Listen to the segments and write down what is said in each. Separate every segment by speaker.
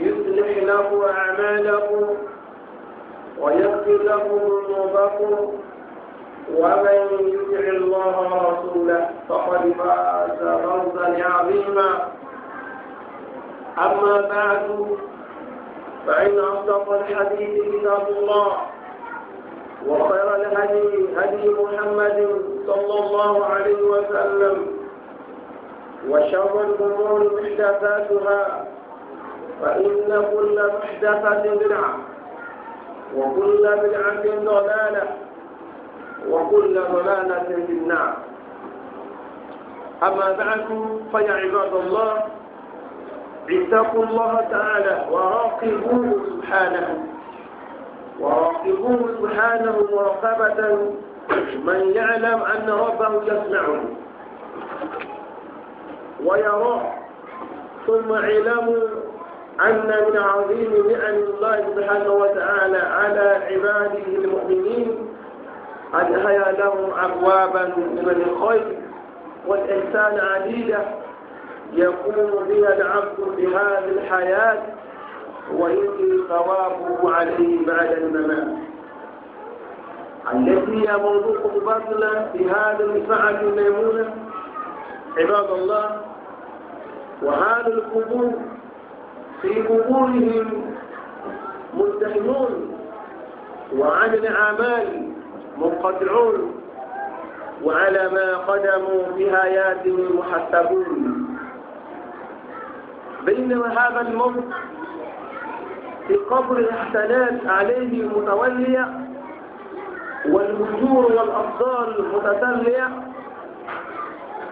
Speaker 1: يصلح له أعماله ويغفر له ذنوبكم
Speaker 2: ومن يطع الله ورسوله فقد فاز فوزا عظيما
Speaker 1: أما بعد فإن أصدق الحديث كتاب الله وخير الهدي هدي محمد صلى الله عليه وسلم وشر الأمور محدثاتها فإن كل محدثة بدعة وكل بدعة ضلالة وكل ضلالة في النار أما بعد فيا عباد الله اتقوا الله تعالى وراقبوه سبحانه وراقبوه سبحانه مراقبة من يعلم أن ربه يسمعه ويراه ثم علمه أن من عظيم نعم الله سبحانه وتعالى على عباده المؤمنين أن هيا لهم أبوابا من الخير والإحسان عديدة يقوم بها العبد بهذه الحياة ويجري ثوابه عليه بعد الممات التي هي موضوع مبادلة في هذه الساعة الميمونة عباد الله وهذه القبور في قبورهم مزدحمون وعن الأعمال منقطعون وعلى ما قدموا بآياتهم محسبون بينما هذا الموت في قبر الحسنات عليه متولية والهجور والأفضال متتلية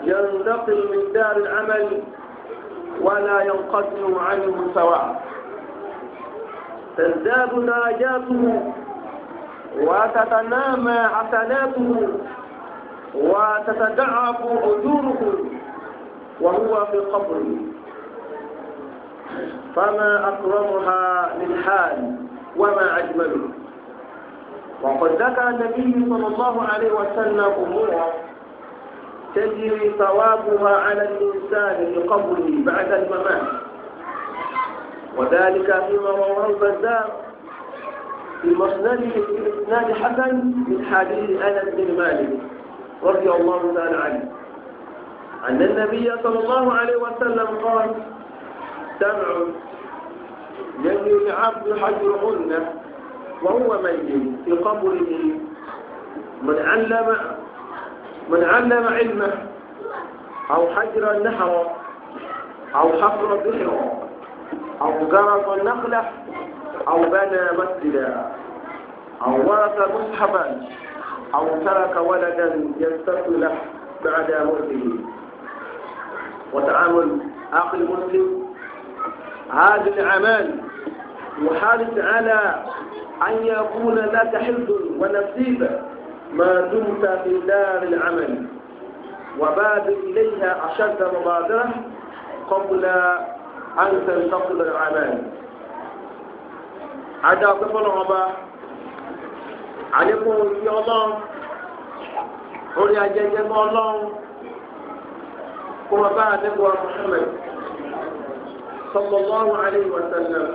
Speaker 1: ينتقل من دار العمل ولا ينقطع عنه سواء تزداد درجاته وتتنامى حسناته وتتدعف أجوره وهو في قبره فما أكرمها للحال وما أجمله وقد ذكر النبي صلى الله عليه وسلم أمورا تجري ثوابها على الإنسان بقبره بعد الممات وذلك فيما رواه البزار في مسنده اسناد حسن من حديث أنس بن مالك رضي الله تعالى عنه أن النبي صلى الله عليه وسلم قال سمع يجري العبد حجرهن وهو ميت في قبره من علم من علم علمه أو حجر النحر أو حفر البحر أو جرس النخلة أو بنى مسجدا أو ورث مصحفا أو ترك ولدا يستثني له بعد موته وتعامل أخي المسلم هذه الأعمال وحارس على أن يكون لك حفظ ونصيب ما دمت في دار العمل وبادر إليها أشد مبادرة قبل أن تنتقل العمل ada ọpẹ́ fọ́lọ́run ọba àlékún orí Ọlọ́run orí ajẹjẹ mọ Ọlọ́run kó wọn bá àdéhùn wa Muhammad sallallahu alayhi wa sallam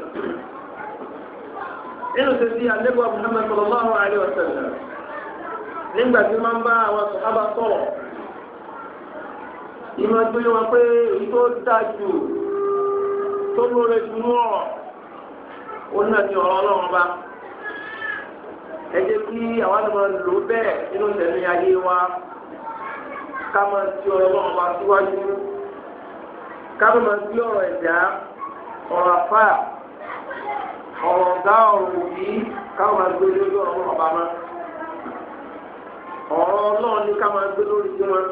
Speaker 1: inú sèse àdéhùn wa Muhammad sallallahu alayhi wa sallam. nígbà tí máa ń bá àwọn sọ̀hábà sọ̀rọ̀ ìmọ̀ tó yẹ wọn pé èyí tó dáa jù tó lóore jù ní ọ̀rọ̀ ó náà ní ọ̀rọ̀ ọlọ́run bá ẹ jẹ́ kí àwọn àti lò bẹ́ẹ̀ nínú ìtẹ̀lé ayé wa ká máa ti ọ̀rọ̀ ọlọ́run bá síwájú ká máa ti ọ̀rọ̀ ẹ̀dá ọ̀rọ̀ ọ̀rọ̀ ọ̀gá ọ̀rọ̀ òbí ká máa ọ̀rọ̀ ọlọ́run ọ̀rọ̀ náà ní ká máa gbé lórí sí wọn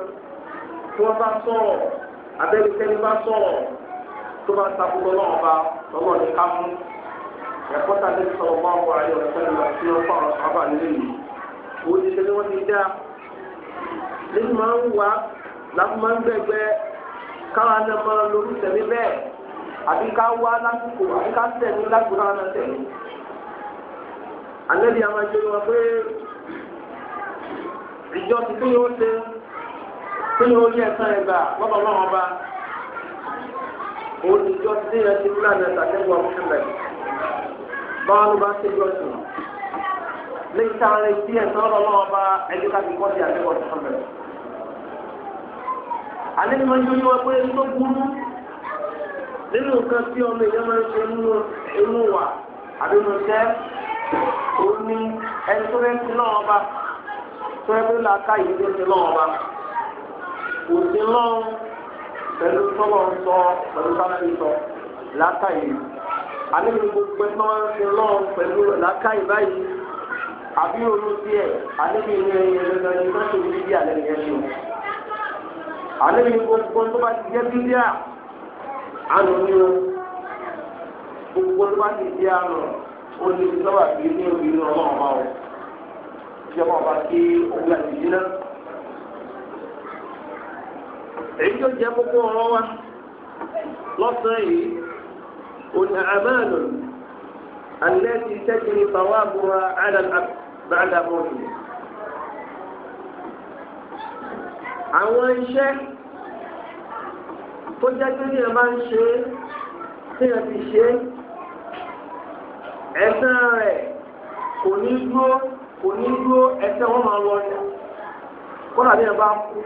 Speaker 1: tí wọ́n bá sọ̀rọ̀ abẹ́nikẹ́ni bá sọ̀rọ̀ tó bá takùtọ̀ náà bá lọ́wọ́ ní ká mú ẹ̀kọ́ tá a lè sọ̀rọ̀ bá wà nílé yìí ti wọ́n ti dá nínú máa ń wá láti máa ń káwa náà máa tẹ̀mí bẹ́ẹ̀ àbí ká wá lásìkò àbí ká tẹ̀mí lásìkò káwa náà tẹ̀mí. wọn pé ìjọ ti kí ni ó ṣe kí ni ó yẹ ẹ̀sán ẹgbà lọ́dọ̀ náà ọba òun ti jọ ti yẹn fúlàní ẹ̀sà báwọn ló bá ṣe jọ ní sáré ẹ̀sán náà ọba ẹni ká fi kọ́ sí àlẹ́ ni wọ́n pé tó burú nínú nǹkan tí fẹ́ẹ́rẹ́ la ká yìí ló ti lọ́wọ́ wa kò sí lọ́wọ́ pẹ̀lú tọ́lọ̀ ń sọ pẹ̀lú sábẹ́ sọ làákà yìí alẹ́ mi gbogbo ẹ̀ máa ń ṣe lọ́wọ́ pẹ̀lú làákà yìí báyìí àbí olú tiẹ̀ alẹ́ mi ní lọ́dọ̀ ní sọ́ọ̀tì mi bí alẹ́ mi ṣe o alẹ́ mi gbogbo tó bá ti jẹ́ bíbíà àná ni o gbogbo tó bá ti jẹ́ àná o ní sọ́wọ́ àbí ní obìnrin ọlọ́run bá o kí ọmọ ọba kí ogun àti ìdíná. èyí tó jẹ́ kókó ọ̀rọ̀ wa lọ́sàn-án yìí òní àmàlù alẹ́ ti tẹ́kiri bàwá àbúrò àdàbàdà mọ́tò. àwọn iṣẹ́ tó jẹ́ pé ní ẹ máa ń ṣe tí ẹ ti ṣe ẹ̀sán rẹ̀ kò ní dúró kò ní dúró ẹsẹ̀ wọn máa lọ ọjà kódà bí ẹ bá kú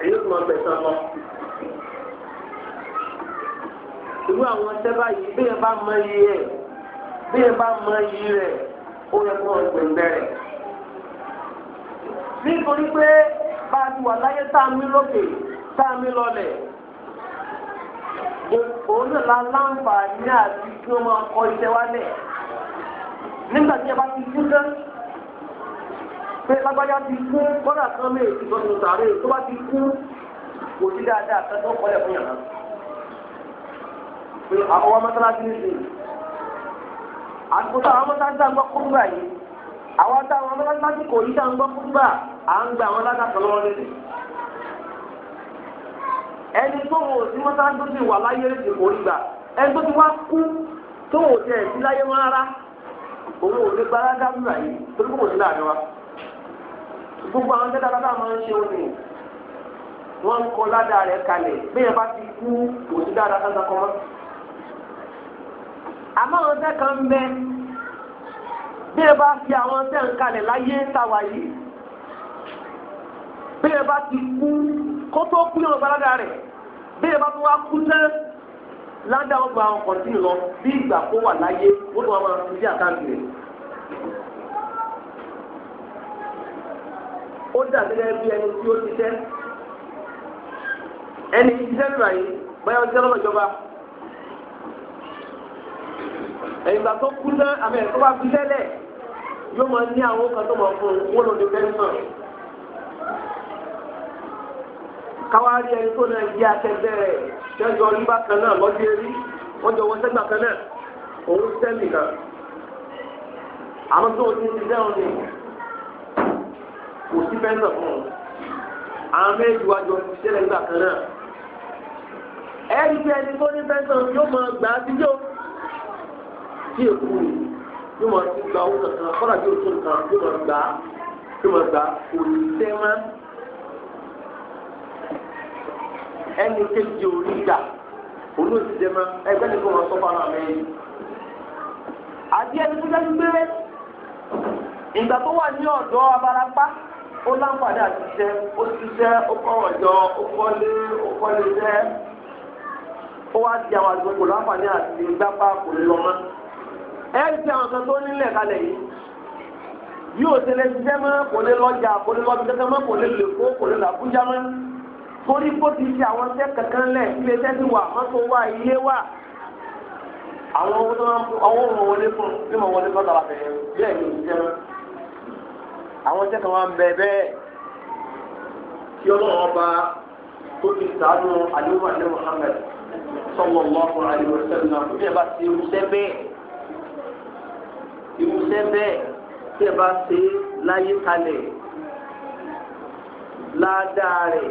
Speaker 1: èyí tó máa gbẹ̀sán lọ. irú àwọn ẹsẹ̀ báyìí bí ẹ bá mọ iye ẹ̀ bí ẹ bá mọ iye rẹ̀ ó yẹ kó ọgbìn bẹ̀rẹ̀. nítorí pé bá a ti wà láyé tá a mí lókè tá a mí lọlẹ̀ òun náà la láǹfààní àti kí wọ́n máa kọ iṣẹ́ wálẹ̀ nígbà tí ẹ bá ti kú tán pé lágbájá ti kú kọ́dà kan lè ti lọ sùn sàárè tó bá ti kú kò sí dáadáa kan tó kọ́lẹ̀ fún yàrá pé àwọn ọmọ mọ́sálásí ń sè àtúntò àwọn mọ́sálásí àgbà kúrú báyìí àwọn táwọn mọ́sálásí kò yí táwọn gbọ́ kúrú bá à ń gba àwọn alágbàtọ́ lọ́wọ́ lẹ́sẹ̀ ẹni tó wò sí mọ́sálásí tó ti kò rí gbà ẹni tó ti wá kú tó wò tẹ̀ sí láyé wọn rárá òun ò lè gbáradá wúrà yìí torí kò sí láàrin wa gbogbo àwọn tẹ́tà bàbá máa ń ṣe òun ni wọ́n ń kọ ládàá rẹ̀ kalẹ̀ bẹ́ẹ̀ bá ti kú kò sí dáadáa kankan kan mọ́ àmọ́ àwọn tẹ́ kan ń bẹ bẹ́ẹ̀ bá fi àwọn tẹ́ ń kalẹ̀ láyé táwa yìí bẹ́ẹ̀ bá ti kú kó tó kú yóò gbáradá rẹ̀ bẹ́ẹ̀ bá tó wá kú tẹ́ ládàá ọgbà àwọn kọ̀ǹtínù lọ bí ìgbà kó wà láyé ó lọ́wọ́ máa fi sí àkáǹtì rẹ̀. ó dàbí gẹ́gẹ́ bí ẹni tí ó ti tẹ́ ẹni tí tẹ́ fìlà yìí bóyá ó ti tẹ́ lọ́nà ìjọba. ẹ̀yìnbà tó kú náà àmì ẹ̀kọ́ bá fi lẹ́lẹ̀ yóò máa ní àwọn kan tó máa fún un wọ́n lò ní pẹ́ńsọ̀n. káwá rí ẹni tó náà yí akẹgbẹ́ rẹ̀ kẹjọ rí bákan náà lọ́jọ́ erí wọ́n jọ wọ́n sẹ́gbà kan náà òun sẹ́mì kan àmọ́ tó o ti ti dẹ́hùn ni kò sí fẹ́ǹsọ̀ fún un àwọn méjì wájú ọtí sẹ́lẹ̀ gbà kan náà ẹ̀rí bí ẹni tó ní fẹ́ǹsọ̀ yóò máa gbà á síjó tí èkó ni yóò máa ti gba owó kankan kọ́lá bí o tó nǹkan yóò máa gbà á yóò máa gbà kò ní sẹ́ máa. ẹni kéjì orí gbà olóòtítẹ́ mọ́ ẹgbẹ́ nìkan wọn sọ́kọ́ náà mẹ́rin. àti ẹni tó dájú pé ìgbà tó wà ní ọ̀dọ́ abarapá ó láǹfààní àti iṣẹ́ ó ṣiṣẹ́ ó kọ́ ọ̀jọ́ ó kọ́lé ó kọ́lé iṣẹ́ ó wá di àwọn àgbẹ̀ láǹfààní àti gbápá kò lè lọ mọ́. ti àwọn kan tó nílẹ̀ kalẹ̀ yìí yóò mọ́ kò lè lọ́jà kò lè kò lè lè kó kò lè làbújá torí bó ti ṣe àwọn iṣẹ́ kankan lẹ̀ ilé iṣẹ́ ti wà mọ́tò wà ilé wà àwọn owó tó máa ń fún ọwọ́ wọn wọlé fún bí mo wọlé fọ́tà láfẹ̀ yẹn bẹ́ẹ̀ ni ìṣẹ́ wọn àwọn iṣẹ́ kan máa ń bẹ bẹ́ẹ̀ kí ọlọ́run ọba tó ti sàánú àdéhùn àdéhùn Muhammad sọ̀wọ́ lọ́kùn àdéhùn sẹ́nu náà bí ẹ bá ti irúṣẹ́ bẹ́ẹ̀ irúṣẹ́ bẹ́ẹ̀ bí ẹ bá ṣe láyé kalẹ̀ ládàá rẹ̀.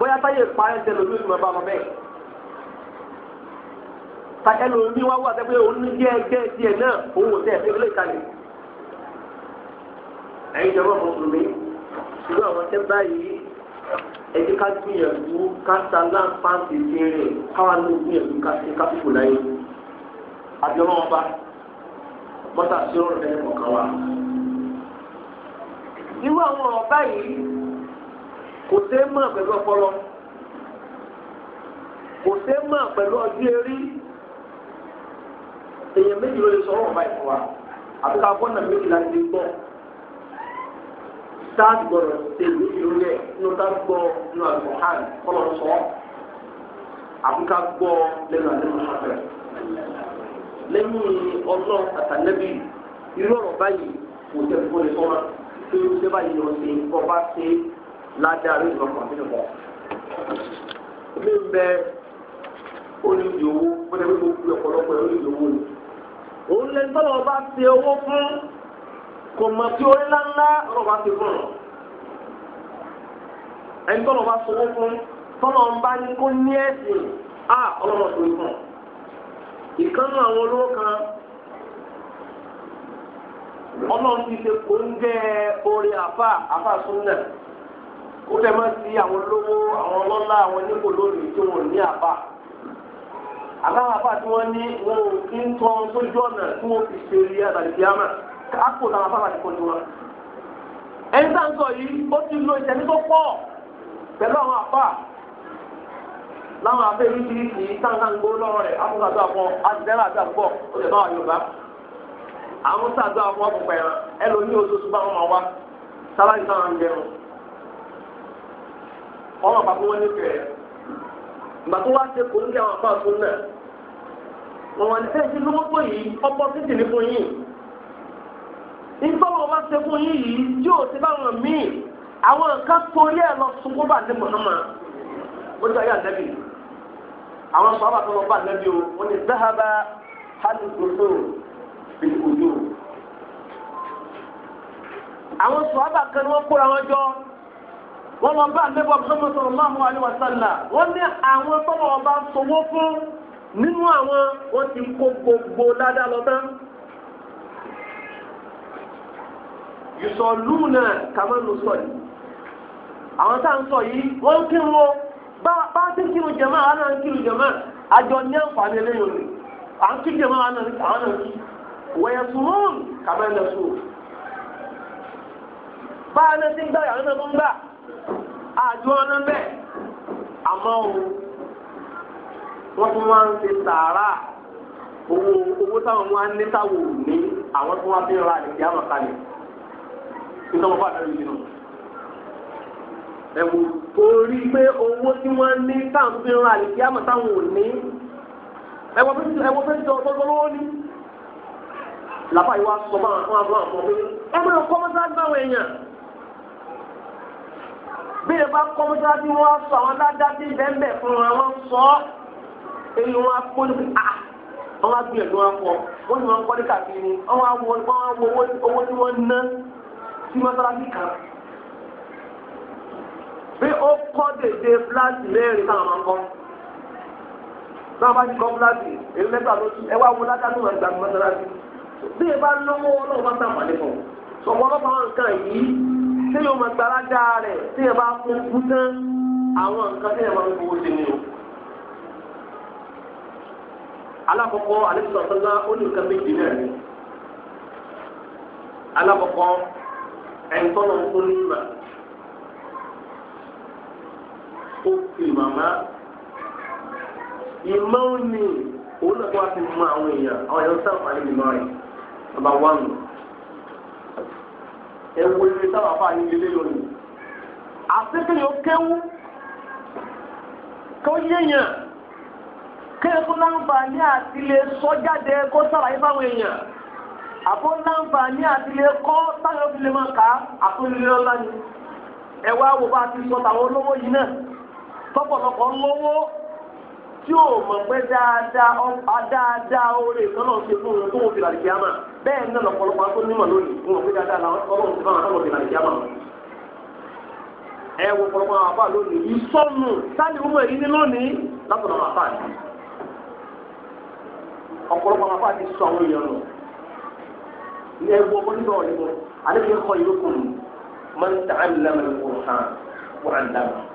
Speaker 1: bóyá táyé parẹ́ tẹ lómi ìlú ọba bẹ́ẹ̀ ka ẹlòmí wá wà sẹ́pẹ́ òun ní díẹ̀ díẹ̀ díẹ̀ náà òun ò tẹ̀ ẹ́ lé kalẹ̀ ẹ̀yin jọba mùsùlùmí ṣùgbọ́n àwọn tẹ́ báyìí ẹ̀jẹ̀ ká gbìyànjú ká sa láǹfààní sí rẹ̀ ló gbìyànjú ká ṣe ká láyé ọba mọ́tà sí ọ̀rọ̀ ẹ̀ kò sé mọ̀ pẹ̀lú ọpọlọ kò sé mọ̀ pẹ̀lú ọdún erí èèyàn méjì ló lè sọ̀rọ̀ ọ̀bá ìfọ̀wà àti ká gbọ́nà méjì láti lè gbọ́ táàgì gbọ́dọ̀ ṣe méjì lórí ẹ̀ nínú táàgì gbọ́ nínú àgbọ̀ hàn kọ́lọ̀ sọ àti ká gbọ́ lẹ́nu àlẹ́ mọ̀ṣọ́fẹ́ lẹ́yìn ọlọ́run àtàlẹ́bí irú ọ̀rọ̀ báyìí kò tẹ̀ fún ẹ̀ sọ́ra pé ó ṣe báyìí lọ sí ọba ṣe ládàá ló lọ kàn nínú wọn. O ń bẹ olùdí owó pẹ̀lú pé mo fi ọ̀pọ̀lọpọ̀ olùdí owó ni. òun lè gbọ́dọ̀ bá ṣe owó fún kò mọ̀ sí orí ńláńlá ọ̀rọ̀ bá fún ẹni tọ́lọ̀ bá sọ owó fún tọ́lọ̀ ń bá kó ní ẹ̀sìn á ọlọ́mọ tó ń kan ọlọ́run ti ṣe kó ń gẹ́ orí ó fẹ́ máa ti àwọn olówó àwọn ọlọ́lá àwọn onípò lónìí tí wọn ò ní àbá àbáwọn àbá tí wọ́n ní wọn ò kí ń sójú ọ̀nà tí wọ́n fi ṣe eré àtàlìkíyàmà káàpò làwọn àbá àti kọ́ni wọn. ẹni tá ń sọ yìí ó ti lo ìṣẹ́ni tó pọ̀ pẹ̀lú àwọn àbá láwọn lọ́rọ̀ rẹ̀ àti ó ọmọ pàpọ̀ wọn nífẹ̀ẹ́ rẹ̀ ìgbà tó wá ṣe kò ní kí àwọn àpá àtún náà wọn wà ní ẹ̀jẹ̀ tí wọ́n tó yìí ọ̀pọ̀ títì ní fún yìí nígbà wọn bá ṣe fún yìí yìí yóò ti bá wọn míì àwọn nǹkan torí ẹ̀ lọ sunkún bá ní mọ̀nàmọ́ ó ti ayé àdẹ́bì àwọn sọ àbàtàn lọ bá àdẹ́bì o wọn ni dáhàbà hali gbogbo bíi òjò àwọn sọ àbàkan ni wọ́n kóra wọn jọ wọ́n lọ bá àlẹ́bọ̀ Muhammad sallallahu alaihi wa sallam wọ́n ní àwọn tọ́lọ̀ ọba sọwọ́ fún nínú àwọn wọ́n ti kó gbogbo dáadáa lọ tán. yusọlúùnà kàmánu sọ yìí àwọn tá à ń sọ yìí wọ́n ń kírun o bá bá ti kírun jẹ̀mọ́ àwọn náà ń kírun jẹ̀mọ́ àjọ ní àǹfààní eléyìí òní à ń kí jẹ̀mọ́ àwọn náà ń kí wẹ̀yẹ̀sùmọ́ọ̀nù kàmánu sọ bá a náà ti ń gbà àwọn náà ń gbà àjọ ọ̀nà bẹ́ẹ̀ àmọ́ o wọ́n tún wá ń ṣe sàárà owó owó táwọn wá ń ní táwọn ò ní àwọn tó wá fi ra àlèkè àmọ̀ kalẹ̀ nígbà wọn bá bẹ̀rù nínú. ẹ̀wù orí pé owó tí wọ́n ní táwọn fi ra àlèkè àmọ̀ táwọn ò ní ẹ̀wọ̀n fẹ́ẹ́ ẹ̀wọ̀n fẹ́ẹ́ jọ ọ̀tọ̀ lọ́wọ́ ní. làbáyé wa sọ fún àwọn àwọn àwọn ọmọ pé ẹ máa kọ́ mọ́sáàgbà àwọn èèyàn bí ẹ bá kọ́ mọ́tò bí wọ́n á sọ àwọn ládàbí bẹ́ẹ̀ fún wọn wọ́n sọ ọ́ èyí wọn á kó ní à ah, wọ́n á gbìyànjú wọn kọ́ wọ́n sì máa ń kọ́ ní kàkiri wọ́n á wo owó tí wọ́n ná sí mọ́tàlásì kan bí ó kọ́ dèdè fúláàsì mẹ́rin táwọn máa kọ́ náà bá ti kọ́ fúláàsì èyí lẹ́gbàá ló tún ẹ wá wo ládàbí wọn gbàgbé mọ́tàlásì bí ẹ bá lówó ọlọ́run bá sàmàlẹ́ tí ló máa rẹ̀ tí yẹn bá kún kú tán àwọn nǹkan tí yẹn ń gbowó sí ni o. alákọ̀ọ́kọ́ alẹ́sọ̀tọ́lá ó ní nǹkan méjì náà ni. alákọ̀ọ́kọ́ ẹ̀ńtọ́nà ń kún ní ó fi màmá ìmọ̀ òní òun náà tó wá fi mú àwọn èèyàn àwọn èèyàn ní ìmọ̀ rẹ̀ bàbá wà nù. ewu eré sábà fà ní ilé lónìí àtẹ́kẹ́ yóò kéwú kó yéèyàn kéwú tó láǹfààní àti lè sọ jáde kó fáwọn èèyàn àbó láǹfààní àti lè kọ́ táwọn fi lè máa kà á àtúnilé ọlá ni ẹ̀wá wo ti sọ tàwọn olówó yìí náà tọ́pọ̀lọpọ̀ tí o mọ̀ pé dáadáa dáadáa oore tọ́lọ̀ ṣe fún wọn fún wọn fi bẹ́ẹ̀ ní ọ̀pọ̀lọpọ̀ àtọ́ nímọ̀ lónìí fún wọn dáadáa ẹ àwọn àbá lónìí ìsọnù sáni ọmọ èyí ní lónìí látọ̀nà àwọn yìí. ọ̀pọ̀lọpọ̀ àwọn ti sọ àwọn èèyàn lọ. ẹ wọn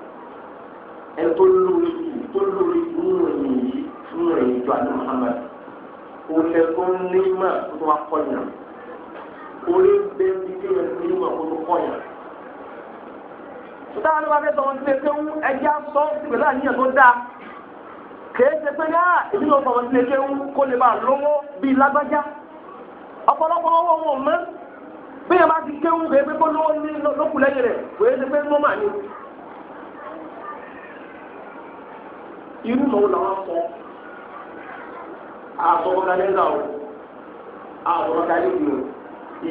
Speaker 1: ẹni tó lórí tó lórí nínú yìí nínú ẹ̀yìn ìjọ àti Muhammad olè tó ń ní mà tó tó wá kọyàn orí bẹ́ẹ̀ ti ké ẹ̀ ní mà tó tó kọyàn. sọ́tà ni wọ́n fẹ́ sọ wọn sílẹ̀ pé ń ẹja sọ pẹ̀lú àníyàn tó dáa kèé ṣe pé ní ìdí ló sọ wọn sílẹ̀ pé ń kó lè máa lówó bíi lágbájá ọ̀pọ̀lọpọ̀ owó wọn ò mọ́ bí ẹ bá ti kéwù kéé pé kó lówó ní lókùlẹ́yìn rẹ̀ kò irú mọ̀wó làwọn sọ àsọ̀kọ̀dálẹ́ náà o àsọ̀kọ̀dálẹ́ yìí o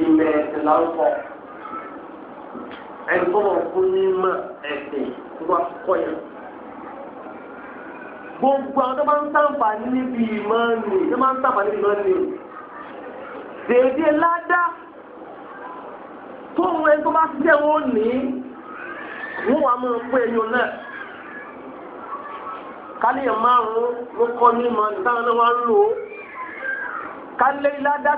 Speaker 1: ìmẹ̀ ẹ̀sìn là ń sọ ẹni tó wọn fún ní mọ ẹ̀sìn tó wà kọ́ yẹn gbogbo àwọn tó bá ń sàǹfà níbi ìmọ̀ ni tó bá ń sàǹfà níbi ìmọ̀ ni dèédé ládá tóun ẹni tó bá ṣiṣẹ́ wọn ní wọn wà mọ̀ pé ẹni náà káníyàn márùn-ún ló kọ́ ní ìmọ̀ táwọn náà wá ń lò ó kálé ládá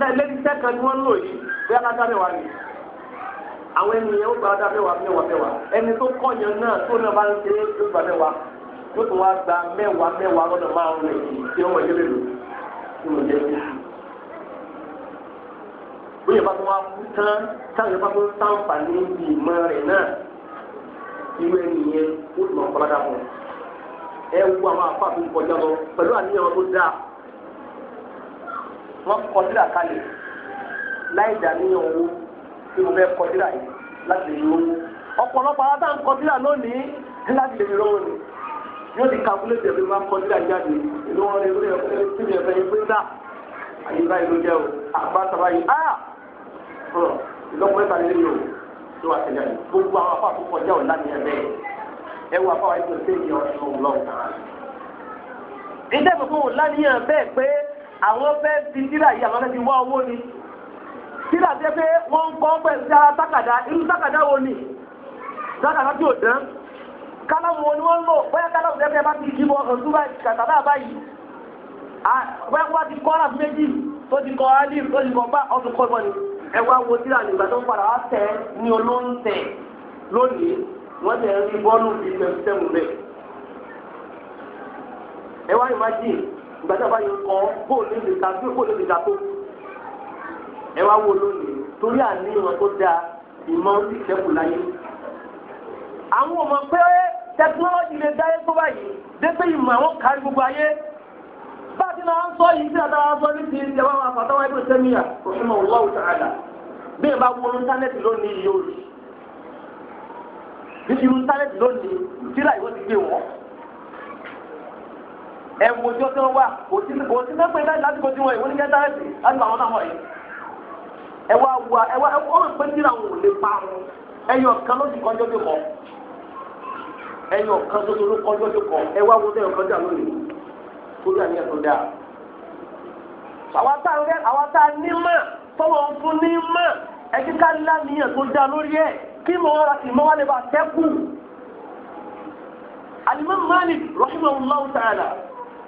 Speaker 1: kan lẹ́sẹ̀ kan ni wọ́n lò yìí bẹ́ẹ̀ ládá mẹ́wàá ni àwọn ènìyàn ó gba ládá mẹ́wàá mẹ́wàá mẹ́wàá ẹni tó kọ̀yàn náà tó náà bá ń ṣe é ló gba mẹ́wàá tó tún wá gba mẹ́wàá mẹ́wàá lọ́nà márùn-ún rẹ̀ tí wọ́n yé lélò tí wọ́n yé lélò. bóyá bá tún kú tán táwọn yóò bá tún sáǹfà ẹ wú àwọn àfa tó ń kọjá lọ pẹ̀lú àníyàn tó dáa wọ́n kọjá kalẹ̀ láì dàníyàn owó tí mo fẹ́ kọjá yìí láti lè lówó ọ̀pọ̀lọpọ̀ àwọn tá à ń kọjá lónìí láti lè lówó ni yóò ti kakule tẹ̀lé wa kọjá jáde ìlú wọn lè wúlò ẹ̀fẹ́ tí mi ẹ̀fẹ́ yẹn pé dá àyè báyìí ló jẹ́ o àgbà sábà yìí áà ìlọ́pọ̀ ẹ̀ta lè lò tó wà tẹ̀lé gbogbo àwọn afọ àtúkọjá ọ̀ láti ẹ̀fẹ́ yẹn ẹ wà fáwọn ẹgbẹ́ òṣèlú yẹn ọ̀ṣun lọ́wọ́ náà. ìdá ìfọ̀fún wò láníyàn bẹ́ẹ̀ pé àwọn fẹ́ fi tíra yìí àwọn fẹ́ fi wá owó ni tíra jẹ́ pé wọ́n ń kọ́ pẹ̀lú sára tákàdá irú tákàdá wo ni tákàdá tí ò dán kálámù wo ni wọ́n lò bóyá kálámù jẹ́ pé bá ti kíbọ̀ ọ̀tún báyìí kàtàbá báyìí bóyá wọ́n ti kọ́ ọ́nà méjì tó ti kọ́ ọ́nà tó ti kọ́ bá ọ̀tún kọ́ ìbọn wá wo tíra nígbà tó ń padà wá tẹ̀ ní olóńtẹ̀ lónìí wọ́n lè rí bọ́ọ̀lù bíi tẹ̀mùtẹ̀mù rẹ̀. ẹ wá imagine ìgbà tí kọ́ bóòlù lè ta bí bóòlù lè ta tó. ẹ wá wo lónìí torí tó ìmọ̀ ti láyé. àwọn ọmọ pé lè tó báyìí dépé ìmọ̀ àwọn kárí gbogbo ayé. bá a ti ń sọ yìí sí àtàwọn ní ti àfàtàwọn ẹgbẹ́ òṣùmọ̀ níbi irú sálẹ̀tì lónìí tíra ìwé ti gbé wọn. Ewu ojú ọtí wọn wà kò sí mẹ́pẹ́ náà láti kojú wọn ìwé ní láti náà yìí. ọ̀rọ̀ pé tíra wọn ò lè pa wọn ẹ̀yọ̀ kan kọjọ́ tó kọ ẹ̀yọ̀ kan tó tó kọjọ́ tó kọ lónìí dà ní ẹ̀tọ́ ní mọ̀ tọ́wọ́ fún ní mọ̀ kí ìmọ̀ wa lè bá sẹ́kù alimami malik rahimahullah ta'ala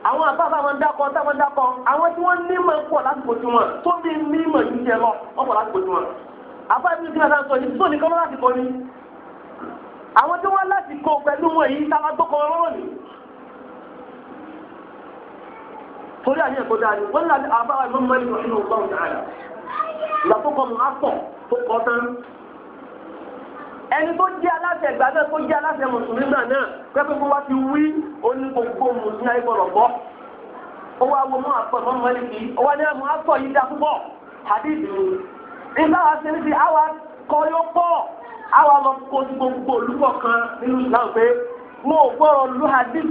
Speaker 1: àwọn àbáfà máa ń dákọ tá máa ń dákọ àwọn tí wọ́n ní máa ń pọ̀ lásìkò tí wọn tó bí ní mọ̀ ní jẹ lọ wọ́n pọ̀ lásìkò tí wọn àbá ibi tí wọn sọ yìí tó nìkan láti kọ ni àwọn tí wọ́n láti kọ pẹ̀lú wọn yìí sábà tó kọ ọlọ́rọ̀ ni. torí àyè ẹ̀kọ́ dáa ni wọ́n ní àbáwá ìmọ̀ mọ́lẹ̀ ìrọ̀lẹ́ ògbà ẹni tó jẹ́ aláṣẹ ìgbà náà tó jẹ́ aláṣẹ mùsùlùmí náà náà pẹ́pẹ́ fún wa ti wí oní mùsùlùmí ayé gbọ́dọ̀ gbọ́ ó wá wo mọ́ àpọ̀ mọ́ mọ́lìkì ó wá ní ni nígbà wa ṣe níbi àwa kọ yóò pọ̀ àwa lọ kó kan nínú pé mo ò gbọ́rọ̀ lu hadith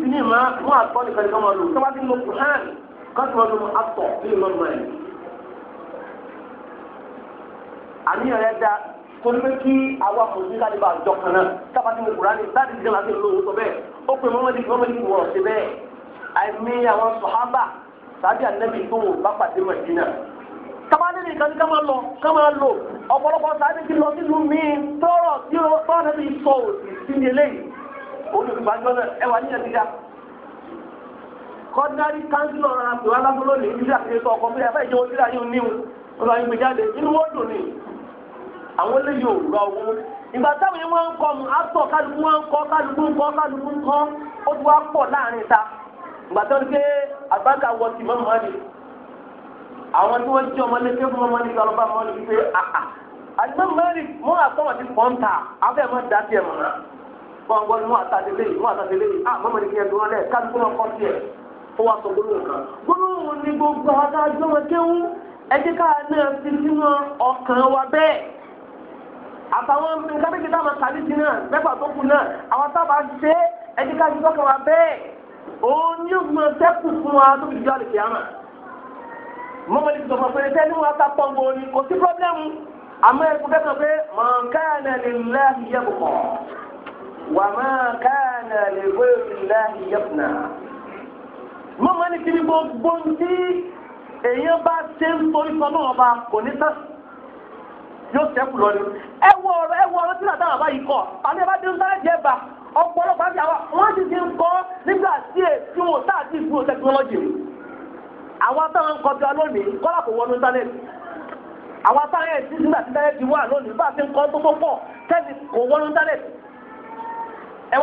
Speaker 1: àpọ̀ nìkan mọ́ lò tó torí pé kí àwa kò sí ká lè bá àjọ kan náà sábà tí mo kura ní láti dídí láti lóyún sọ bẹ́ẹ̀ ó pe mọ́mọ́dé kí mọ́mọ́dé kì wọ́n ṣe bẹ́ẹ̀ àìmí àwọn sọ̀hábà sábì ànábì tó wò bá pàdé mọ̀dínà. sábà nílé ìkànnì ká máa lọ ká máa lò ọ̀pọ̀lọpọ̀ sábì ti lọ sílùú míì tọ́rọ̀ tí ó tọ́rọ̀ náà ti sọ òsì sí ní eléyìí olùgbàjọ náà ẹ wà níyàn gíga kọ́dárì kánsílọ̀ rárá pè wá lágbóló lè ní ìdílé àti ètò ọkọ̀ fún ẹ àwọn eléyìí ò rọ owó ìgbà táwọn yẹn wọ́n ń kọ́ mu àtọ̀ kálukú wọ́n ń kọ́ kálukú ń kọ́ kálukú ń ó ti wá pọ̀ láàrin ta ìgbà tó ń ké àgbàkà wọ tì mọ́mọ́ àwọn tí wọ́n jí ọmọ ta wọn àtàdélé àtàdélé à sọ gbólóhùn kan gbólóhùn gbogbo àtàwọn nǹkan méjì táwọn sàbíjì náà mẹ́fà tó kù náà àwọn táwọn bá ṣe ẹni ká ju lọ́kàn wa bẹ́ẹ̀ òun ní ògùn sẹ́kù fún wa tó fi jọ àlùkí àmà mọ́mọ́lì tó mọ̀ pé sẹ́ni wa ta pọ̀ ńgbò ni kò sí pírọ́blẹ́mù àmọ́ ẹ̀kú kẹ́kọ̀ọ́ pé mọ̀nkánà lè láàyè yẹ̀bùkọ̀ wà mọ̀nkánà lè wéèrè láàyè yẹ̀bùnà mọ́mọ́lì tí gbogbo ń tí èèyàn bá yóò sẹ́kù lọ ni. ẹ ọrụ ọ̀rọ̀ ẹ tí nàá àbá yìí kọ àmì ẹ̀bá dé nsáré jẹ́ bá ọ̀pọ̀lọpọ̀ àti àwa wọ́n ti ti ń nígbà tí èsì wọn tá àti ìfúró tẹkinọ́lọ́jì àwọn táwọn ń kò wọnú àwọn táwọn nígbà tí táyẹ̀ ti lónìí bá ti ń kọ́ tó pọ̀ kò wọnú ẹ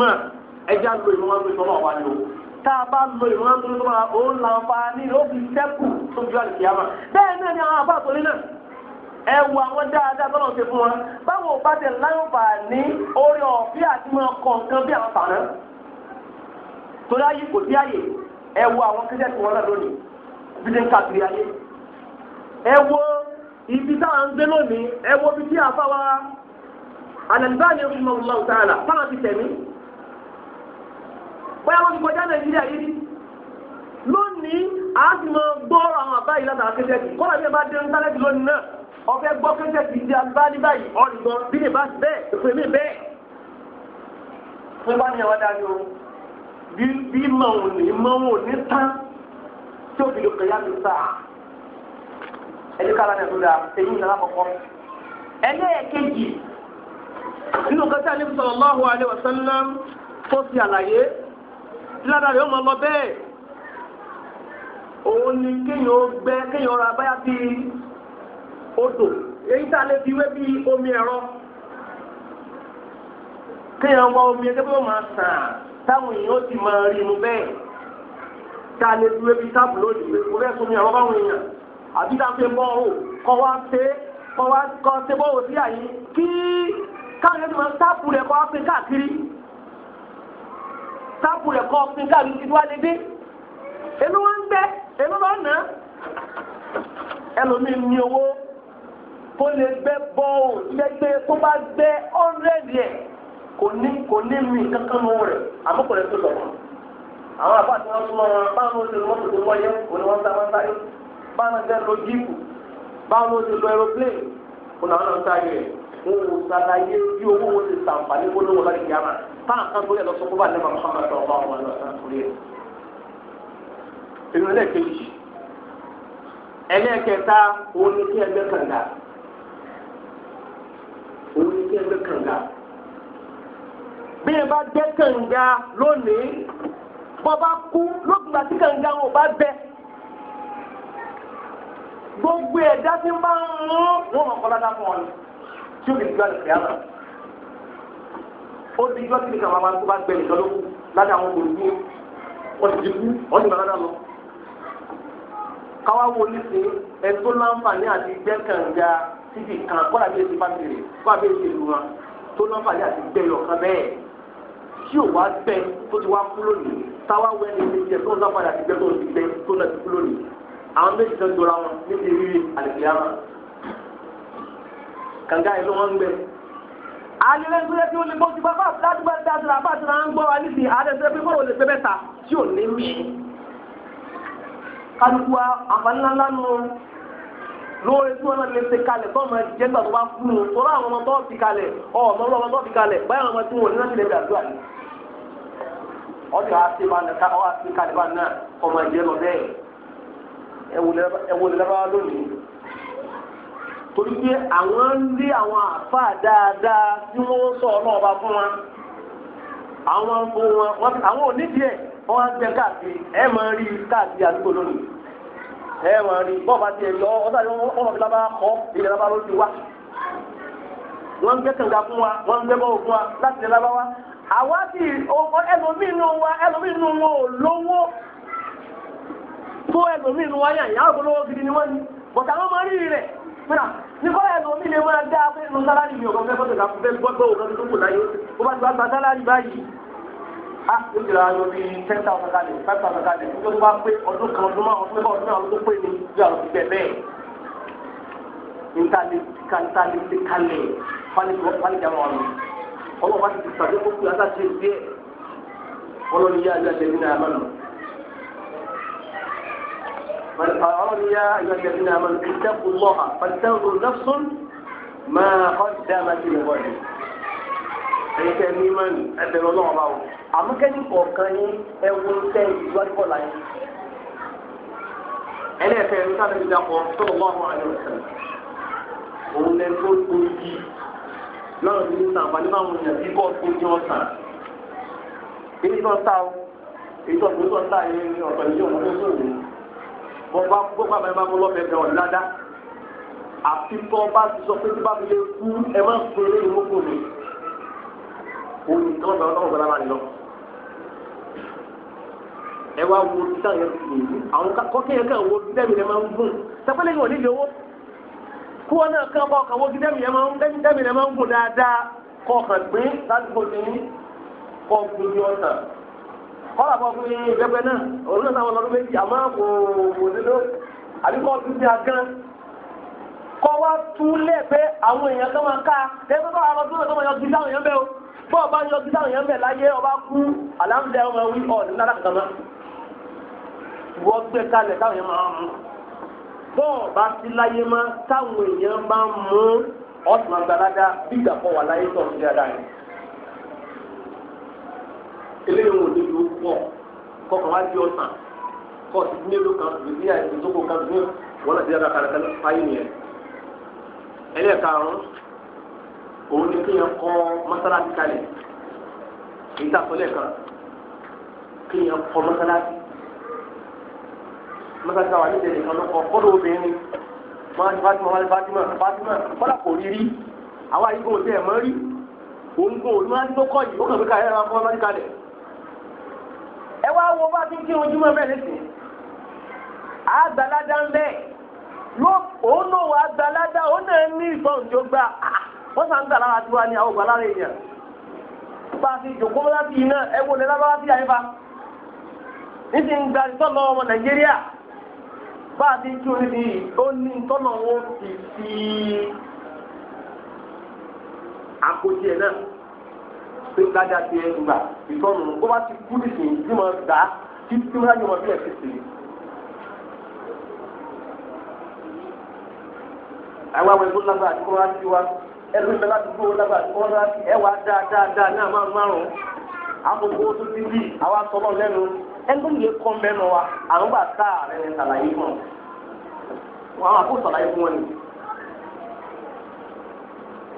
Speaker 1: wá ẹjẹ́ á lo ìmọ̀ wọn tó lọ́wọ́ wa ni o tá a bá lo ìmọ̀ wọn tó lọ́wọ́ wa òun là ń fa ní ó fi sẹ́kù tó ju àlùkìyàmà bẹ́ẹ̀ náà ni àwọn àbá àtòlé náà ẹ wo àwọn dáadáa tọ́lọ̀ ṣe fún wọn báwo bá tẹ̀ láǹfà ní orí ọ̀fíà àti mọ́ kọ̀ọ̀kan bí àwọn fàánà torí ayé kò sí àyè ẹ wo àwọn kíkẹ́ tí wọ́n náà lónìí bí ṣe ń káàkiri ayé ẹ wo ibi tá à ń gbé lónìí ẹ wo ibi tí àfáwá àlàlùbáàni ọ̀hún mọ̀ ọ́n lọ́wọ́ sáà bóyá wọ́n ti kọjá nàìjíríà yìí lónìí a ti mọ gbọ́rọ̀ àwọn àbá yìí látara kẹ́sẹ̀tì kọ́lá bí ẹ bá dé íńtánẹ́ẹ̀tì lónìí náà ọ̀fẹ́ gbọ́ kẹ́sẹ̀tì ti bá ní báyìí ọ̀nìgbọ́n bí ní bá bẹ́ẹ̀ èpè mí bẹ́ẹ̀. wọ́n bá ní ẹ̀wá dání o bí bí mọ̀ ò ní mọ̀ ò ní tán tí òbí ló kẹ́yà ló sà á. ẹ̀jẹ̀ kára ní ẹ̀dúrà èyí ìlànà àkọ́kọ́. ẹlẹ́ẹ̀kejì nínú kẹ́sẹ̀ ládàá rẹ̀ ó lọ bẹ́ẹ̀ òun ni kéèyàn gbẹ kéèyàn ra báyà bíi odò èyí tá a lè fi wé bíi omi ẹ̀rọ kéèyàn wá omi ẹgbẹ́ bí wọ́n máa sàn táwọn èèyàn ti máa rí inú bẹ́ẹ̀ tá a lè fi wé bíi táàbù lónìí mo fẹ́ sọmi ẹ̀rọ báwọn èèyàn àbí tá a fi mọ́ ò kọ́ wá pé kọ́ wá kọ́ ṣe bọ́ òsì àyè kí káwọn èèyàn ti máa sáàpù rẹ̀ kọ́ wá pé káàkiri. sáàpù rẹ̀ kọ́ ọ̀pin káàlù ti wá lédè èló wọn ń gbẹ èló lọ nà ẹlòmíì ní owó kó lè gbẹ gbẹgbẹ bá gbẹ ọ̀rẹ́dì ẹ̀ kò ní kò ní mi kankan rẹ̀ tó lọ àwọn àbá tí wọ́n súnmọ́ wọn báwọn ló ti lọ mọ́tò tó yẹ kò ní wọ́n sá wọn sáré báwọn ló ti lọ jíìpù báwọn ti lọ aeroplane kò náà lọ sáré wọn ò sàlàyé bí owó wọn ti táwọn kan tó yẹ lọ sọkúbà lẹ́mọ̀ Muhammad ọba ọba ọba torí ẹ̀. èmi ẹlẹ́ẹ̀kejì ẹlẹ́ẹ̀kẹta òun ni kí ẹgbẹ́ kànga òun ni kí ẹgbẹ́ kànga bí ẹ bá gbẹ́ kànga lónìí bọ́ bá kú lókùnbà tí kànga wọn bá bẹ́ gbogbo ẹ̀dá tí ń bá ń mú wọn kọ́ lọ́dá fún ọ tí ó lè gbá lè fi ó ti yọ sí ìkàwé àwọn tó bá gbẹ nìkan ló kù láti àwọn olùkú wọn ti dìbò wọn ti bàbá dà lọ. káwá wo ní ṣe ẹ̀tọ́ láǹfààní àti gbẹ́kànga síbi kan kọ́lá bí èsì pàṣẹrẹ kọ́lá bí èsì ìlú wọn tó láǹfààní àti gbẹ̀yọ̀ kan bẹ́ẹ̀ tí ò wá gbẹ tó ti wá kú lónìí táwa wẹ ní ilé iṣẹ́ tó ń láǹfààní àti gbẹ tó ti gbẹ tó lọ ti kú lónìí àwọn méjì tó ń dora wọn níbi rírí àlèkè a tí ó lè gbọ́dọ̀ bàbá àdúgbò dáadáa bá ti máa ń gbọ́ wa níbi àdẹ́sẹ́ pé kọ́rọ̀ lè pẹ́ mẹ́ta tí ò ní mí. kálukú wa àǹfààní ńláńlá nu lóore tí wọn lè ṣe kalẹ̀ tó bá fún un tó láwọn ọmọ tó fi kalẹ̀ ọmọ ọmọ tó fi kalẹ̀ báyọ̀ ọmọ tí wọn ní láti lè ọ náà ọmọ lọ bẹ́ẹ̀ torí pé àwọn ń rí àwọn àfà dáadáa tí wọ́n sọ ọlọ́ọ̀ba fún wa àwọn fún wọn àwọn onídìí ẹ̀ wọ́n ń tẹ káàkiri ẹ̀ máa rí káàkiri àdúgbò lónìí ẹ̀ máa rí bọ́ọ̀bù àti ẹ̀yọ́ ọ̀sán yóò wọ́n fi lábá kọ́ ilẹ̀ lábá ló ti wá ń wa wọ́n ń gbé bọ́ọ̀ fún wa láti ilẹ̀ lábá wá àwa ti ẹlòmínú wa ẹlòmínú wọn ò wa yàn gidi ni wọ́n bọ̀tà wọn máa rí nígbà yẹn lómi lè máa dá pé inú sálárì mi ò kàn fẹ́ fọ́tò ká fẹ́ gbọ́gbọ́ òkan tó kù láyé ó bá ti wá gba sálárì báyìí a ó ti ra lórí ten thousand kalẹ̀ five thousand kalẹ̀ tó bá pé ọdún kan ọdún márùn ọdún mẹ́fà ọdún mẹ́fà ọdún tó pé ní yóò àrùn bẹ́ẹ̀ bẹ́ẹ̀ ntalẹ̀ ti kalẹ̀ fálíjà wọn lọ ọlọ́wọ́ bá ti ti sàdé kó kú yàtá ṣe díẹ̀ ọlọ́ni yá فالقرار يا أيها الذين آمنوا اتقوا الله فلتنظر نفس ما قدمت لغد ẹni tẹ ní mọ ní ẹbẹrẹ Ọlọ́run bá wò àmọ́ kẹ́ni kọ̀ọ̀kan ní ẹwọ tẹ ìwádìí kọlá yẹn ẹlẹfẹ ẹni sábẹ ti dàpọ sọlọ bá wọn àyẹ̀wò sẹlẹ òun lẹ tó tó yí lọ́rọ̀ ní sàǹfààní máa wọn yàn bí kò tó ní ọsàn èyí tó ń ta o èyí tó ń tó ta yẹn ní ọ̀sán yìí òun tó tó bọ́ba bọ́ba bẹ́ẹ̀ máa mú lọ́fẹ̀ẹ́ bẹ́ẹ̀ ọ̀dí dáadáa àfi tọ́ bá ti sọ pé tí bá fi lè kú ẹ má fún eré ìmúkò mi òun nìkan ọ̀dọ̀ ọ̀dọ̀ ọ̀gbọ̀n lára nìlọ. ẹ wá wo títà yẹn ti lè àwọn kọ́kẹ́ yẹn kàn wo dẹ́mi rẹ̀ máa ń gùn sẹ́pẹ́lẹ́ yìí ò nílò owó kú ọ náà kàn bọ́ ọkàn wo dẹ́mi rẹ̀ máa ń dẹ́mi rẹ̀ máa ń gùn dáadáa kọ́ ọkàn gbé láti kó kọ́lá bọ́ fún ìgbẹ́gbẹ́ náà òun náà táwọn ọlọ́dún méjì àmọ́ kò kò nílò àbí kọ́ tún ti àgán kọ́ wá túlẹ̀ a àwọn èèyàn tó máa ká ẹgbẹ́ bá àwọn tó máa yọ gidi àwọn èèyàn o bọ́ ọba yọ gidi àwọn èèyàn bẹ́ẹ̀ láyé ọba kú àlàmúlẹ̀ ọmọ gbé èèyàn máa mú ọba láyé má eléyìí wọn ò débi ó pọ̀ kọkàn wá di ọ̀sán kọ́ọ̀tù ní èlò kan bìbí àìsàn tó kó kan bí wọn àti ẹ̀ka kàlẹ́ kàlẹ́ fáyé nìyẹn. ẹlẹ́ẹ̀karùn òun ni kéèyàn kọ́ mọ́sálásí kalẹ̀ èyí tá a sọ lẹ́ẹ̀kan kéèyàn kọ́ mọ́sálásí mọ́sálásí àwọn àlejò nìkan ló kọ́ kọ́dọ̀ obìnrin máa ní Fatima máa ní Fatima Fatima kọ́dà kò rí rí àwa yìí kò tẹ̀ mọ́ rí òun kò ní wọ́n á ní tó kọ́ yìí ó kàn fi kalẹ̀ ẹwà wá wo bá ti kí ojúmọ́ bẹ́ẹ̀ lẹ́sìn àgbàládá ń o òun náà wà àgbàládá òun náà ní ìtọ́n tó gbà ah, wọ́n sàn ń gbà lára tiwa ní àwọn ìgbàlára èèyàn bá a ti jòkó láti iná ẹ wo lẹ́la bá wá ọmọ Nàìjíríà bá a ti kí ni ó ní wọn ti fi náà. pé lájà ti ẹ gbà ìtọ́nù kó bá ti kú nìsín tí mo gbà á tí mo bí ti àwọn àwọn ẹgbẹ́ lágbà àti kọ́ra sí wa láti gbówó ẹwà dáadáa ní àmọ́ márùn-ún tó ti lẹ́nu kọ́ mẹ́nu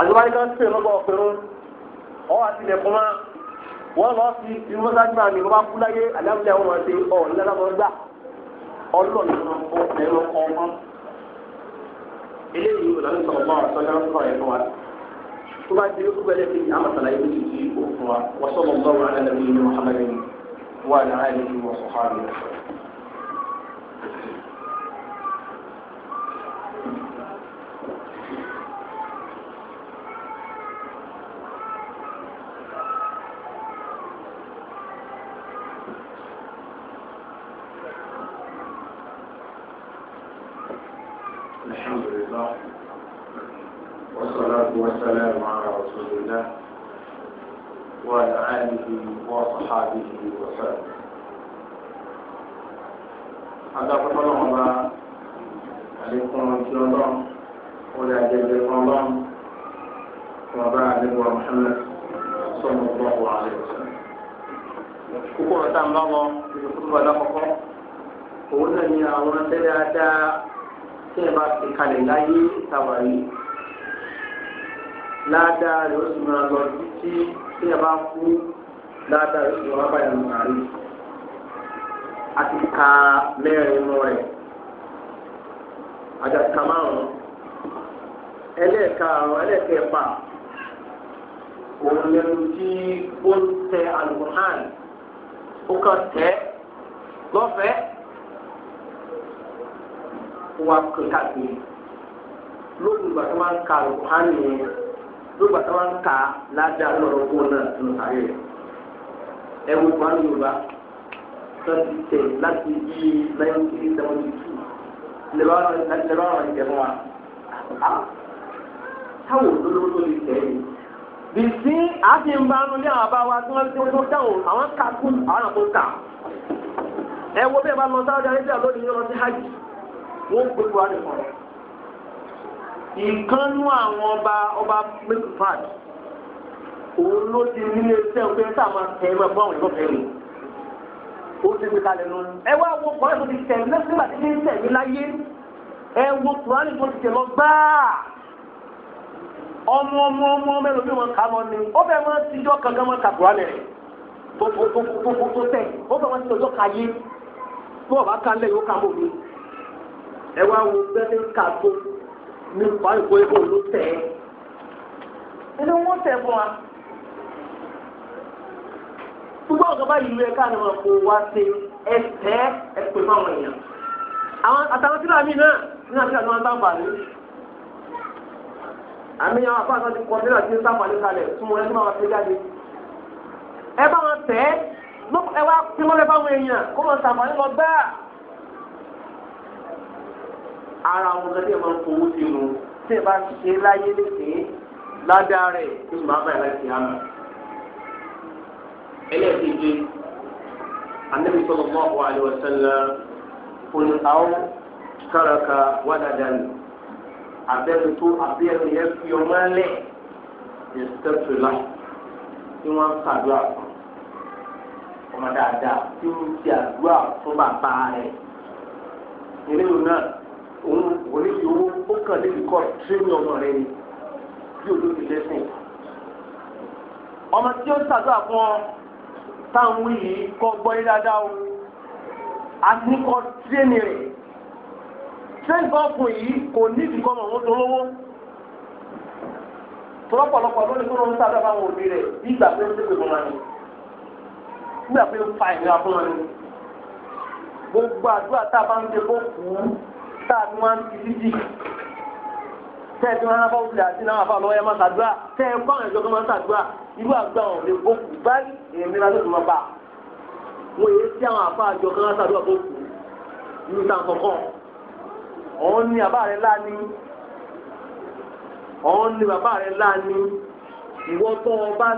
Speaker 1: àdúgbàdì kan ṣe lọ́gbọ̀ ọ̀pẹ̀rún ọ̀ àti ilẹ̀kùn máa wọ́n lọ sí irú mọ́sájú náà ní bá kú láyé àdáwùjẹ́ àwọn ọmọ ṣe ọ̀ nílẹ̀ lọ́mọ gbà ọlọ́ọ̀ni ẹ̀rọ kọ ọmọ eléyìí ìlànà ìsọ̀rọ̀ bá ọ̀sán náà sọ̀rọ̀ ẹ̀ wa tó bá ti kú bẹ́lẹ̀ fi àmọ̀ sàlàyé méjì sí òfin wa wọ́n sọ̀rọ̀ bọ́ọ̀rọ̀ alẹ́ nàbí Muhammadin wà ní àyè الحمد لله والصلاة والسلام على رسول الله وعلى آله وصحابه وسلم هذا أدعو الله عليكم ورحمة الله ولا جل الله وبعد محمد صلى الله عليه وسلم kókó ọ̀tá ń bá wọn ìdókòtò bàdá kọ̀kọ́ òun náà ni àwọn tẹ́lẹ̀ ajá tí ẹ bá fi kalẹ̀ láyé ìtawàrí ládàá rẹ̀ ó sì máa lọ títí tí ẹ bá kú ládàá rẹ̀ ó sì máa báyìí lọ rí àti ka mẹ́rin mọ́ rẹ̀ àjàkà márùn-ún ẹlẹ́ẹ̀ka àrùn ẹlẹ́ẹ̀kẹfà òun lẹnu tí ó ń tẹ alùpùpù hàn ó kàn tẹ́ lọ́fẹ̀ẹ́. kó wá pè káàkiri lóògùn ka àlùkùránì yẹn lóògùn ìgbà ka ládàá lọ́rọ̀ kó náà tún sáré rẹ̀ ẹ̀wù yorùbá twenty ten láti bí nineteen seventy two lẹ́wọ́n lẹ́wọ́n a. ìjẹ̀mọ́ wa táwọn olólùwọ́ tó lè tẹ̀ ẹ́ bìsí àti ìbánulẹ̀ àwọn àbá tí wọ́n ti tó àwọn kakú àwọn ẹ wo bá lọ bí wọ́n gbé buhari kan nǹkan nú àwọn ọba ọba mekufad òun ló ti nílé iṣẹ́ òun pé sáà máa tẹ̀ ẹ́ máa bọ́ àwọn ìbọn bẹ́ẹ̀ o ti gbé kalẹ̀ nù. ẹ wá wo buhari tó ti tẹ̀ lẹ́sìn àti ní tẹ̀mí láyé ẹ wo buhari tó ti tẹ̀ lọ gbáà ọmọ ọmọ ọmọ mẹ́rin ló wọn kà lọ ni ó bẹ̀ wọ́n ti jọ kankan wọn kà buhari rẹ̀ tó tó tó tó tó tẹ̀ ó bẹ̀ wọ́n ti jọ kà yé tó ọba kan lẹ́yìn ó kà mọ́ mi ẹ wá wo bẹ́ẹ̀ ń kà tó nípa ìkó ikú ló tẹ̀ ẹ́. nínú wọn tẹ fún wa. gbogbo ọ̀gá bá yìí ẹ̀ka ni wọn kò wá sí ẹ̀tẹ́ ẹ̀pẹ̀ fáwọn èèyàn. àwọn àtàwọn sílẹ̀ àmì náà nínú àti àwọn àǹfààní. àmì àwọn àpá àtàwọn ti kọ sílẹ̀ àti sáfàní kalẹ̀ fún wọn ẹni máa fi jáde. ẹ bá wọn tẹ̀ ẹ wá pín wọn fẹ́ fáwọn èèyàn kó wọn sàmọ́ ara wọn kan tí ẹ máa ń fowó sí nu tí ẹ bá ṣe láyé lẹ́sìn ládàá rẹ̀ tí bá yàrá ti àmà. ẹlẹ́ẹ̀kejì anabi sallallahu alaihi wasallam òní àwọn káraka wàdàdàn abẹ́rẹ́ tó abẹ́rẹ́ yẹn fi ọmọ ẹlẹ́ ìsẹ́tùlá tí wọ́n ń ṣàdúrà fún ọmọ dáadáa tí ó ń ṣe àdúrà fún bàbá rẹ̀. ìlú òun wòlé yìí owó ó kàn lè fi kọ́ tírénì ọmọ rẹ ni bí olóòtú lẹ́sìn. ọmọ tí ó ń fún ọ táwọn yìí kọ́ gbọ́ yín dáadáa o a ní kọ́ tírénì rẹ̀ tírénì kan fún yìí kò ní ìdíkọ́ mọ̀ wọ́n tó lówó tọ́lọ́pọ̀lọpọ̀ lónìí tó ló ń sábà fáwọn òbí rẹ̀ nígbà pé ó ti pè fún wọn ni nígbà pé ó fa ìnira fún wọn ni gbogbo àdúrà tá a bá ń ṣe kó kú tá a ti wá ń fi títì tẹ́ ẹ ti wọn afa wuli àti náà afa lọ́wọ́ ẹ máa ṣàdúrà tẹ́ ẹ kọ́ àwọn ìjọba máa ṣàdúrà irú àgbà wọn lè kó kù báyìí èmi náà lọ́sọ̀tún máa bá wọn èyí tí àwọn afa àjọ kan máa ṣàdúrà tó kù ní ìta kọ̀ọ̀kan òun ni bàbá rẹ̀ láàní òun ni bàbá rẹ̀ láàní ìwọ tó o bá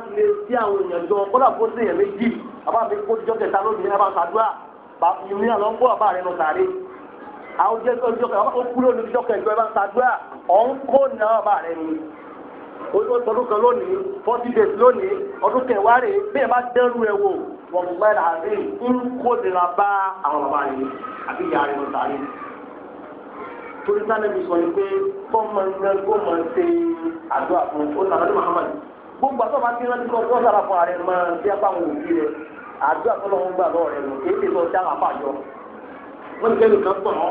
Speaker 1: sí àwọn èèyàn jọ kọ́dà sí èèyàn méjì bàbá mi kó jọ́ kẹta lónìí ẹ ṣàdúrà bàbá mi ní àlọ́ rẹ̀ lọ sàárè àwọn jẹ́ olùjọ́ kan ó kú lónìí olùjọ́ kan ìjọba ìbá ń ṣàdúrà ọ̀hún kó nà ọba rẹ ni ọdún kan lónìí forty days lónìí ọdún kẹwàá rè bí ẹ bá dẹrù ẹ wò wọn kò gbẹ àárẹ ń kó nira bá àwọn bàbá rẹ àbí ìyá rẹ lọta rẹ torí sáré mi sọ ni pé fọmọ ẹ gbọmọ ṣe àdúrà fún ọ nàlọ́ ní Muhammad gbogbo àtọ́ bá ti rántí kọ́ tó sára fún ààrẹ mọ́ bí a bá wọn òbí wọ́n ti kẹ́lò kan pọ̀ náà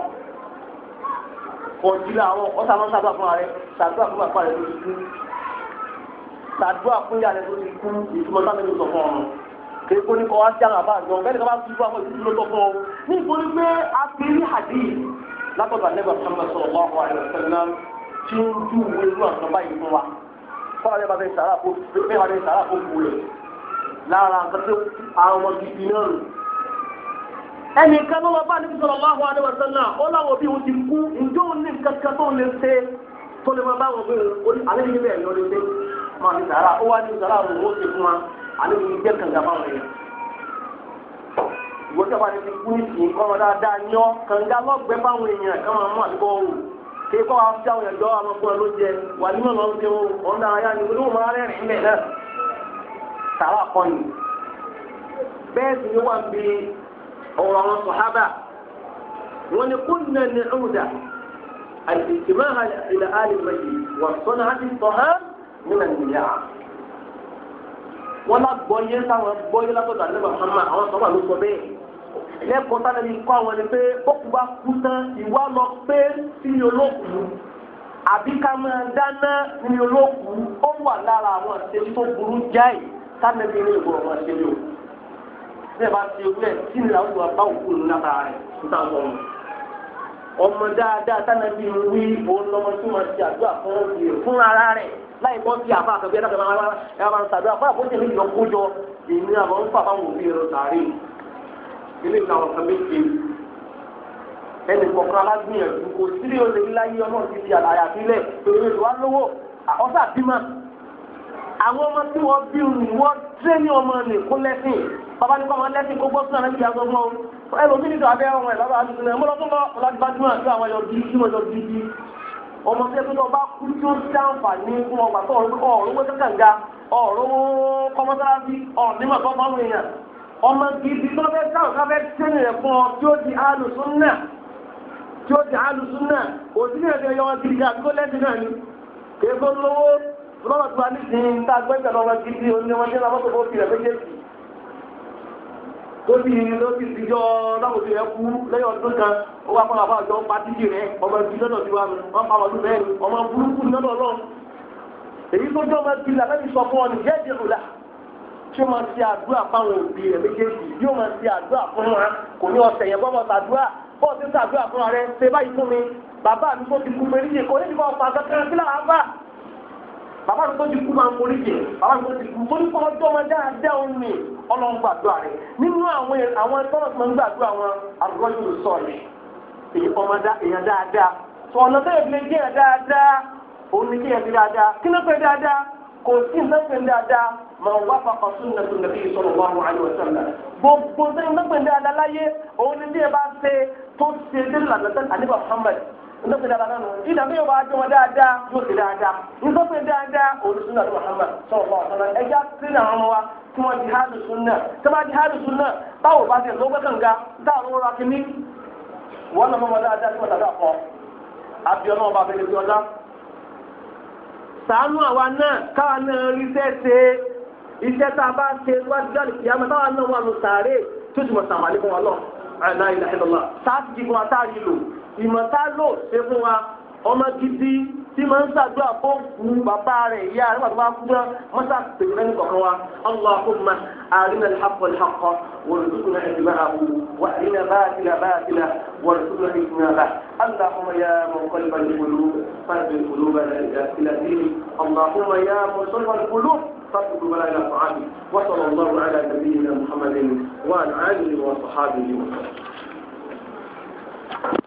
Speaker 1: kọ̀ọ̀dì làwọn ọ̀sà máa ń sábà fún ààrẹ ṣàdúrà fún bàbá rẹ lórí ikú ṣàdúrà fún ìyá rẹ lórí ikú ìtumọ̀ sábà ló sọ ọ̀run kìí kó ní kọ́ wá sí àwọn àbá àjọ bẹ́ẹ̀ ni ká bá fi fún àwọn ìdílé tó fún ọ ní ìfọ́ni pé a ti rí àdí látọ̀dọ̀ àlẹ́ bàbá mi sọ̀rọ̀ wá wà ẹ̀rọ sẹ́lẹ̀ náà tí ó ju ìwé irú àtàn báyìí fún wa fún àwọn ẹ̀rọ sàrà kó e ló lọ bá níbi sọ̀rọ̀ lọ́wọ́ àdéhùn sọ́nà ó láwọn òbí òun ti kú ǹjọ́ òun ní nǹkan kan tó lè ṣe tó lè máa bá wọn bẹ́ẹ̀ orí àlejò ilé ẹ̀yọ́ máa ní sàrà ó wá ní sàrà òun ó ti fún wa jẹ́ kànga bá wọn yẹn. ìwọ tí a bá ní ti kú kọ́ wọn dáadáa yọ kànga lọ́gbẹ́ mú àdúgbò wa ọ̀rọ̀ àwọn sọ̀hábà wọn ni kúnnà ní ọ̀dà àìsèkìmáhà ilẹ̀ àlìmọ̀yì wà sọ́nà àti sọ̀hán nínú ìyá. wọ́n lá gbọ́yé sáwọn gbọ́yé látọ̀dọ̀ àlẹ́bà mọ́mọ́ àwọn sọ́mà ló sọ bẹ́ẹ̀. lẹ́kọ̀ọ́ sáré ní kọ́ àwọn ni pé bọ́kù bá kú tán ìwà lọ pé sínú olókùú àbí ká máa dáná ní olókùú ó wà lára àwọn àṣẹ bẹ́ẹ̀ bá ti ewúrẹ́ tí ní àwọn ìwà báwọn kúrò ní lára rẹ̀ níta sọ wọn. ọmọ dáadáa sanabi ń wí òun lọmọ tí wọn ti àdúrà fún òye fún ara rẹ̀ láì bọ́ sí àfa àkàbí ẹ̀dá kan máa máa ń sàdúrà fún àkójọ mi kójọ èmi àwọn ń fà fáwọn òbí rẹ̀ sàárè ilé ìta àwọn méje ẹnì kọ̀ọ̀kan alágbìyànjú kò sílé olè ńláyé ọmọ ti di àlàyé àfilẹ̀ torí ètò lówó ọ̀sà bímọ àwọn ọmọ tí wọ́n bí wọ́n tẹ́ ní ọmọ nìkún lẹ́sìn ọba ní kọ́mọ lẹ́sìn kó gbọ́ sínú àlejò àgọ́ mọ́ o ẹ lómi nígbà abẹ́ ọmọ ẹ̀ lọ́ba àdúgbò náà mo lọ tún bọ́ ọlọ́dún bá dúró àti àwọn ẹ̀yọ́ gidi mo yọ gidi ọmọ tó yẹ kó ọba kú tí ó dáǹfààní fún ọgbà tó ọ̀rọ̀ ọ̀rọ̀ owó kàkàǹga ọ̀rọ̀ kọ́mọ́sáráfì ọ̀nìmọ̀ tó máa ń rìn yàn ọmọ gidi tó fẹ́ dáhùn ká fẹ́ tẹ́lẹ̀ rẹ̀ fún ọ tí ó di alùsùn náà tí ó di alùsùn náà òsì náà fẹ́ yọ wọn gidi ká kó lẹ́sìn náà ni kéèkó lówó lọ́wọ́ tó wà nísìnyí tá a gbẹ́sẹ̀ lọ́wọ́ gidi oníwọ̀n ní tó ní ló ti di jọ láwọn òṣèré kú lẹ́yìn ọdún kan ó wá pàwọn àbájọ ń pa títì rẹ ọmọ ibi lọ́dọ̀ tiwa wọn pa wọn bẹ́ẹ̀ ọmọ burúkú lọ́dọ̀ ọlọ́run èyí tó jọ́ máa ń bila lẹ́yìn sọ fún ọ nìyẹn ìdí òla tí ó máa ṣe àdúrà fáwọn òbí rẹ méjèèjì yóò máa ṣe àdúrà fún wa kò ní ọ̀sẹ̀ yẹn bọ́ bọ́ ṣàdúrà bọ́ ọ̀sẹ̀ ṣàdúrà fún ti kú pé bàbá mi tó ti kú máa ń forí jẹ bàbá mi tó ti kú torí pé ọjọ́ máa dáadáa òun ni ọlọ́run gbàdúrà rẹ̀ nínú àwọn àwọn tọ́lọ̀ tó máa ń gbàdúrà wọn àrùkọ́ yóò sọ rẹ̀ èyí ọmọ èèyàn dáadáa tó ọ̀nà tó yẹ fi lè jẹ́ èèyàn dáadáa òun ni kéèyàn fi dáadáa kí ló pé dáadáa kò sí nǹkan pé dáadáa máa wá papọ̀ sún nàbí nàbí sallallahu alaihi wasallam gbogbo nǹkan pé dáadáa láyé òun ni bí ẹ bá ṣe tó ṣe dé lànà ntọ́sí dáadáa náà nù ìdá mi yóò bá jọmọ dáadáa yóò ṣe dáadáa ntọ́sí dáadáa olùsúnà tó Muhammad sọ̀rọ̀ ẹja sí náà wọn wa tí wọ́n di hádùn súnà tí wọ́n di hádùn báwo bá ti lọ́gbẹ́ kànga wọ́n dáadáa tí wọ́n dáadáa kọ́ ọba abẹ́lẹ́ sàánú àwa náà káwa náà rí iṣẹ́ ṣe iṣẹ́ tá a bá ṣe wájú ìmọ̀ta lò ṣe fún wa ọmọ gidi tí máa ń ṣàdúrà kó kú bàbá rẹ̀ ìyá rẹ̀ bàbá kú náà wọ́n ṣàpèjì lẹ́nu kọ̀ọ̀kan wa Allahumma arina al-haqqa al-haqqa warzuqna ittiba'ahu wa arina al-batila batila warzuqna ijtinabah Allahumma ya muqallib al-qulub thabbit qulubana ila dinik Allahumma ya muqallib al-qulub فاتقوا قلوبنا الى طاعتك وصلى الله على نبينا محمد وعلى اله وصحبه وسلم